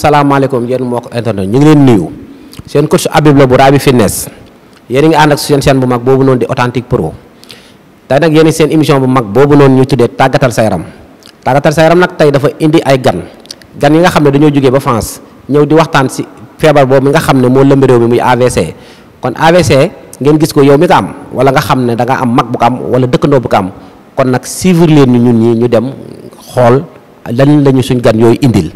Assalamualaikum, yeen mok internet ñu ngi leen nuyu seen coach Habib la bu Rabi Fitness yeen ngi and ak seen seen bu mag bobu non di authentique pro tay nak yeen seen émission bu mag bobu non ñu tuddé tagatal sayram tagatal sayram nak tay dafa indi ay gan gan yi nga xamne dañu joggé ba France ñew di waxtaan si febar bobu nga xamne mo moo rew mi muy AVC kon AVC ngeen gis ko yow mi ko wala nga xamne da nga am mag bu kam wala dekk dëkkandoo bu kam kon nak civil leen ñun ñi ñu dem xol lan lañu suñu gan yoy indil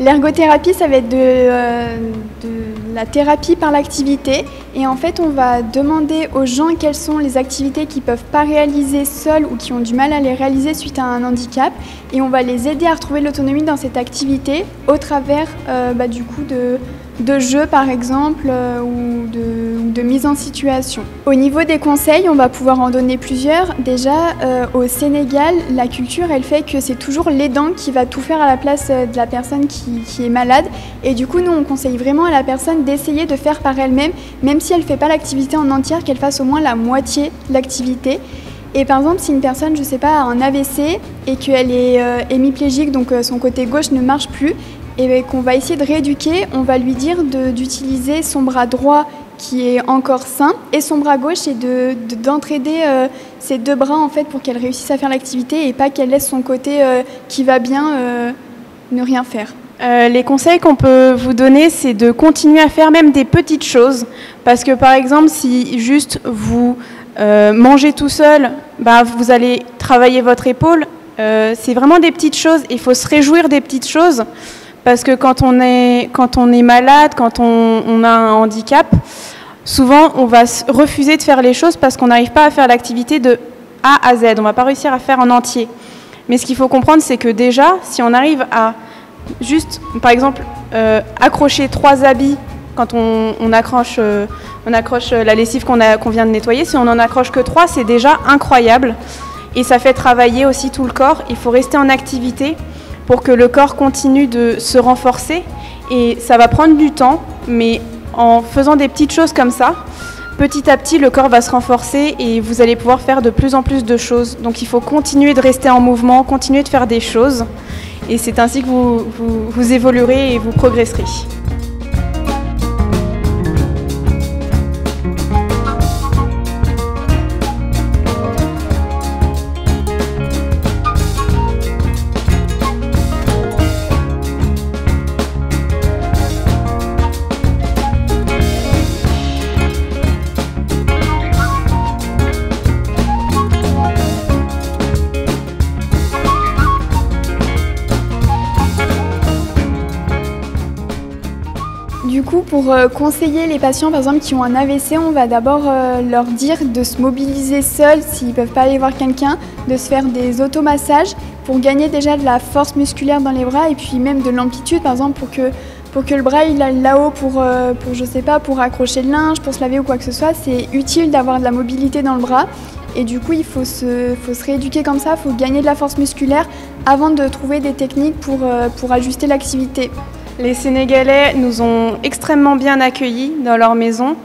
L'ergothérapie, ça va être euh, de, la thérapie par l'activité. Et en fait, on va demander aux gens quelles sont les activités qu'ils ne peuvent pas réaliser seuls ou qui ont du mal à les réaliser suite à un handicap. Et on va les aider à retrouver l'autonomie dans cette activité au travers euh, bah, du coup de, de jeux, par exemple, euh, ou de de mise en situation. Au niveau des conseils, on va pouvoir en donner plusieurs. Déjà, euh, au Sénégal, la culture, elle fait que c'est toujours l'aidant qui va tout faire à la place euh, de la personne qui, est malade. Et du coup, nous, on conseille vraiment à la personne d'essayer de faire par elle-même, même si elle ne fait pas l'activité en entière, qu'elle fasse au moins la moitié de l'activité. Et par exemple, si une personne, je sais pas, a un AVC et qu'elle est euh, hémiplégique, donc son côté gauche ne marche plus, et ben, qu'on va essayer de rééduquer, on va lui dire d'utiliser son bras droit qui est encore sain. Et son bras gauche, et d'entraider de, d'entraider euh, ses deux bras en fait pour qu'elle réussisse à faire l'activité et pas qu'elle laisse son côté euh, qui va bien euh, ne rien faire. les conseils qu'on peut vous donner, c'est de continuer à faire même des petites choses. Parce que par exemple, si juste vous mangez tout seul, bah, vous allez travailler votre épaule. c'est vraiment des petites choses. Il faut se réjouir des petites choses. Parce que quand on est, quand on est malade, quand on a un handicap, souvent on va refuser de faire les choses parce qu'on n'arrive pas à faire l'activité de A à Z, on ne va pas réussir à faire en entier. Mais ce qu'il faut comprendre, c'est que déjà, si on arrive à juste, par exemple, euh, accrocher trois habits quand on, accroche, on accroche euh, euh, la lessive qu'on vient de nettoyer, si on n'en accroche que trois, c'est déjà incroyable. Et ça fait travailler aussi tout le corps. Il faut rester en activité pour que le corps continue de se renforcer. Et ça va prendre du temps, mais en faisant des petites choses comme ça, petit à petit, le corps va se renforcer et vous allez pouvoir faire de plus en plus de choses. Donc il faut continuer de rester en mouvement, continuer de faire des choses. Et c'est ainsi que vous, évoluerez et vous progresserez. pour euh, conseiller les patients, par exemple, qui ont un AVC, on va d'abord euh, leur dire de se mobiliser seuls s'ils ne peuvent pas aller voir quelqu'un, de se faire des automassages pour gagner déjà de la force musculaire dans les bras et puis même de l'amplitude, par exemple, pour que, pour que le bras il aille là-haut pour, euh, pour, je sais pas, pour accrocher le linge, pour se laver ou quoi que ce soit. C'est utile d'avoir de la mobilité dans le bras. Et du coup, il faut se, faut se rééduquer comme ça, il faut gagner de la force musculaire avant de trouver des techniques pour, pour ajuster l'activité. Les Sénégalais nous ont extrêmement bien accueillis dans leur maison.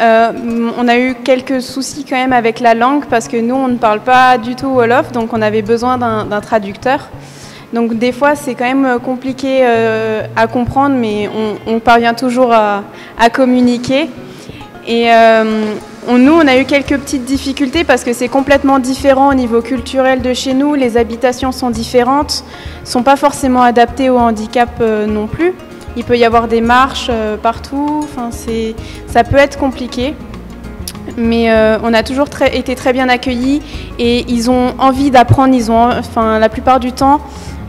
Euh, on a eu quelques soucis quand même avec la langue parce que nous, on ne parle pas du tout Wolof, donc on avait besoin d'un traducteur. Donc des fois, c'est quand même compliqué euh, à comprendre, mais on, parvient toujours à, communiquer. Euh, nous, on a eu quelques petites difficultés parce que c'est complètement différent au niveau culturel de chez nous. Les habitations sont différentes, sont pas forcément adaptées au handicap euh, non plus. Il peut y avoir des marches euh, partout. Enfin, ça peut être compliqué. Mais euh, on a toujours été très bien accueillis et ils ont envie d'apprendre. Ils ont, enfin, la plupart du temps,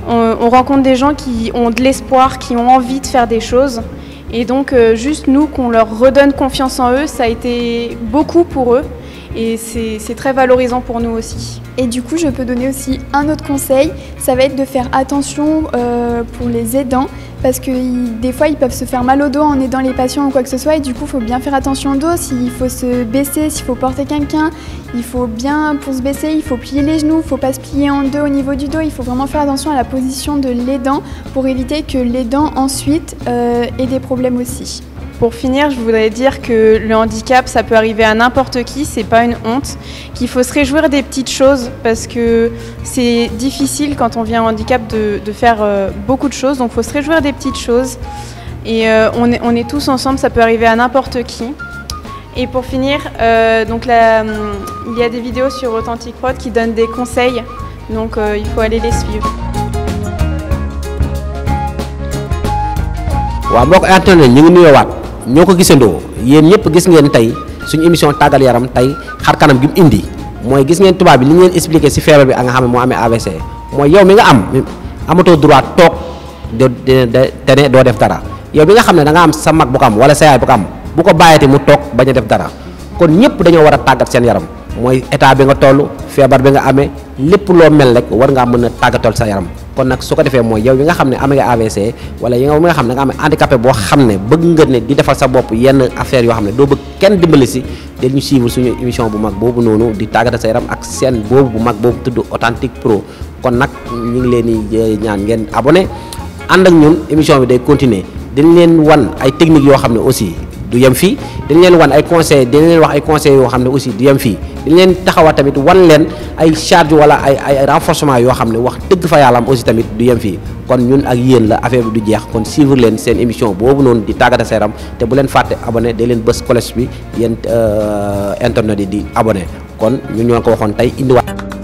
on rencontre des gens qui ont de l'espoir, qui ont envie de faire des choses. Et donc, euh, juste nous, qu'on leur redonne confiance en eux, ça a été beaucoup pour eux. Et c'est très valorisant pour nous aussi. Et du coup, je peux donner aussi un autre conseil, ça va être de faire attention euh, pour les aidants, parce que des fois ils peuvent se faire mal au dos en aidant les patients ou quoi que ce soit et du coup il faut bien faire attention au dos, s'il faut se baisser, s'il faut porter quelqu'un, il faut bien pour se baisser, il faut plier les genoux, il ne faut pas se plier en deux au niveau du dos, il faut vraiment faire attention à la position de l'aidant pour éviter que l'aidant ensuite aient euh, ait des problèmes aussi. Pour finir, je voudrais dire que le handicap, ça peut arriver à n'importe qui, c'est pas une honte, qu'il faut se réjouir des petites choses parce que c'est difficile quand on vient en handicap de, faire euh, beaucoup de choses, donc il faut se réjouir des petites choses. Et euh, on, est, tous ensemble, ça peut arriver à n'importe qui. Et pour finir, euh, donc hum, il y a des vidéos sur Authentic Road qui donnent des conseils, donc il faut aller les suivre. ñoko ko gisandoo yéen ñëpp gis ngeen tay suñu émission tagal yaram tay xar kanam gi indi moy gis ngeen tuba bi li ngeen expliquer ci fièvre bi nga xamé mo amé AVC moy yow mi nga am amato droit tok de de ne doo def dara yow bi nga xamné da nga am sa mag bu ko am wala sa yaay bu ko am bu ko bayati mu tok baña def dara kon ñëpp dañu wara tagat tàggat seen yaram moy état bi nga tollu fièvre bi nga amé lepp lo mel rek war nga mëna tagatol sa yaram kon nak suko defé moy yow yi nga xamné am nga AVC wala yow mi nga xamné nga am handicapé bo xamné ne bëgg nga ne di defal sa bop yenn affaire yo xamné ne bëgg kenn dimbali ci dañ ñu suivre suñu émission bu mag bobu nonu di tagata sa yaram ak sen bobu bu mag bobu tuddu Authentic pro kon nak ñi ngi leen eh, ñaan ngeen abonné and ak ñun émission bi day continuer dañ leen wan ay technique yo xamné ne aussi du yem fi dañ leen wan ay conseils dañ leen wax ay conseils yo xamné ne aussi du yem fi di leen taxawa tamit wan leen ay charge wala ay ay renforcement yoo xam ne wax dëgg fa yàlla am aussi tamit du yem fii kon ñun ak yéen la affaire bi du jeex kon suivre leen seen émission boobu noonu di tàggata seeram te bu leen fàtte abonné de leen bës collège bi yéen euh, internet yi di abone kon ñun ñoo ko waxoon tey indiwaat